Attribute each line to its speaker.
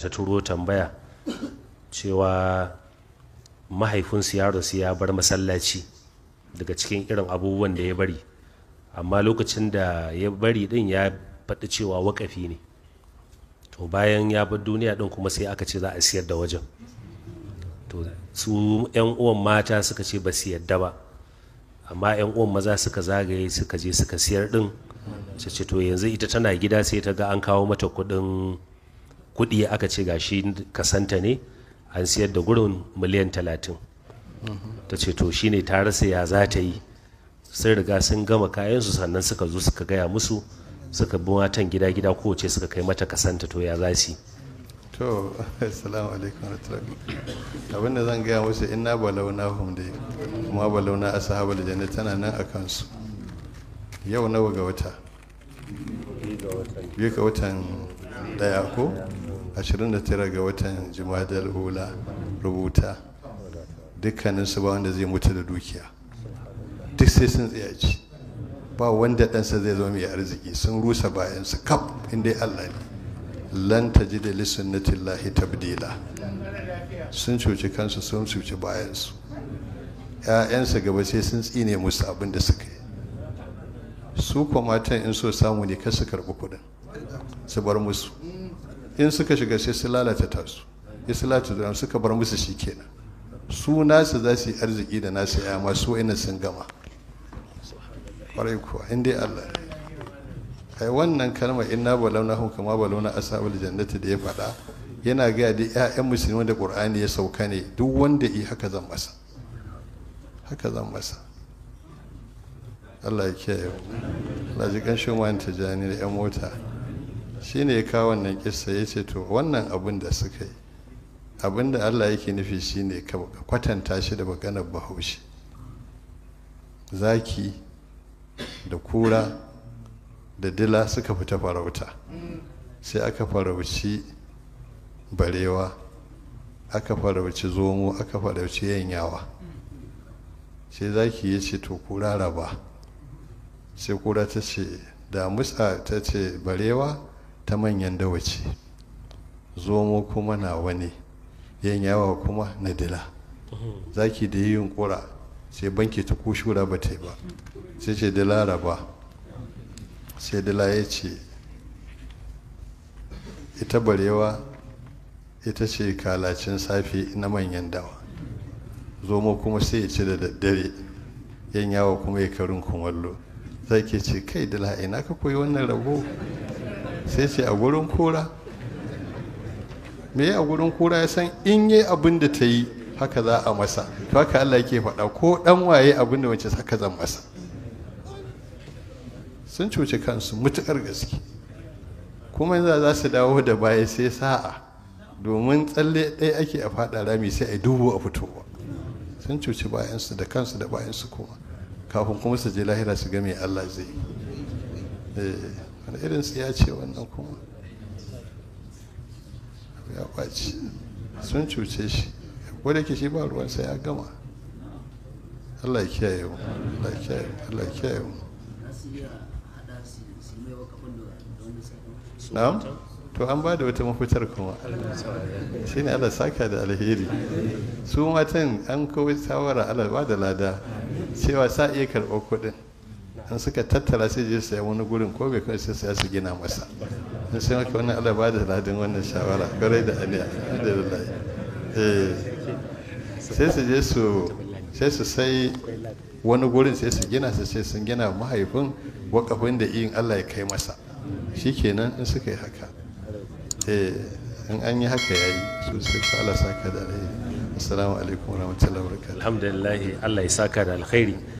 Speaker 1: ta turo tambaya cewa mahaifinsu yaro rasu ya bar masallaci daga cikin irin abubuwan da ya bari amma lokacin da ya bari din ya faɗi cewa wakafi ne to bayan ya bar duniya din kuma sai aka ce za a siyar da wajen to su 'yan uwan mata suka ce ba su yadda ba amma 'yan uwan maza suka zagaye suka je suka siyar din ce to yanzu ita tana gida sai ta ga an kawo mata kuɗin kuɗi aka ce gashi kasanta ne an siyar da gurin miliyan talatin ta ce to shine ta rasa ya za ta yi sun riga sun gama kayansu sannan suka zo suka gaya musu suka bi matan gida gida kowace suka kai mata kasanta to ya za su
Speaker 2: to assalamu alaikum abin da zan gaya musu inna balauna hum kuma balauna ashabul janna tana nan a kansu yau nawa ga wata biyu ga watan daya ko 29 ga watan jimadar hula rubuta dukkanin su ba wanda zai mutu da dukiya duk sai sun tsayaci ba wanda ɗansa zai zama mai arziki sun rusa bayansu kaf inda allah ne lan ta ji da lissunnatillahi tabdila sun cuci kansu sun cuci bayansu ‘ya'yansa gaba sai sun tsine musu abin da suka yi su kuma in so samu ne kar su karɓi kuɗin su bar musu in suka shiga sai su lalata tasu ya su lalata zuwa suka bar musu shi kenan su nasu za su yi arziki da nasu ya masu wa'ina sun gama kwarai kuwa in dai allah kai wannan kalmar inna balauna hum kama balauna ashabul jannati da ya faɗa yana gaya da 'ya'yan musulmi da qur'ani ya sauka ne duk wanda yi haka zan masa haka zan masa Allah ya kiyaye Allah ji kan shi ta jani da 'yan mota shine ya kawo wannan kissa ya ce to wannan abin da suka yi abin da allah yake nufi shine ka kwatanta shi da maganar bahaushe zaki da kura da dila suka fita farauta sai aka farauci barewa aka farauci zomo aka farauci yanyawa sai zaki ya ce to kura raba sai kura ta ce da musa ta ce barewa ta manyan dawaci zomo kuma na wani yan yawa kuma na dila zaki da yi yunkura sai banki ta kushura ba ta yi ba sai ce dila raba sai dila ya ce ita barewa ita ce kalacin safe na manyan dawa zomo kuma sai ya ci da daddare yan yawa kuma ya karin kumallo zaki ce kai dila ina ka koyi wannan rabo sai ce a gurin kura me a gurin kura ya san in yi abin da ta yi haka za a masa to haka Allah yake faɗa ko ɗan waye abin da wace haka zan masa sun cuci kansu mutuƙar gaske kuma yanzu za su dawo da baya sai sa'a domin tsalle ɗaya ake a faɗa rami sai a dubu a fitowa sun cuci bayansu da kansu da bayansu kuma kafin kuma su je lahira su ga me Allah zai eh. wani irin ya ce wannan kuma ya kwaci sun cuce shi ko da ke shi ba ruwansa ya gama allah kiyaye mu allah kiyaye mu allah kiyaye mu na'am to an ba da wata mafitar kuma shi ne allah saka da alheri su matan an kawai tsawara allah ba da lada cewa sa iya karɓar kuɗin in suka tattara sai je sai wani gurin ko bai kai sai su gina masa in sai maka wannan Allah ba da ladin wannan shawara kwarai da aliya alhamdulillah eh sai su je su sai su sai wani gurin sai su gina su sai sun gina mahaifin wakafin da yin Allah ya kai masa shikenan in suka yi haka eh in an yi haka yayi
Speaker 1: so sai ka Allah saka da rai assalamu alaikum warahmatullahi wabarakatuh alhamdulillah Allah ya saka da alkhairi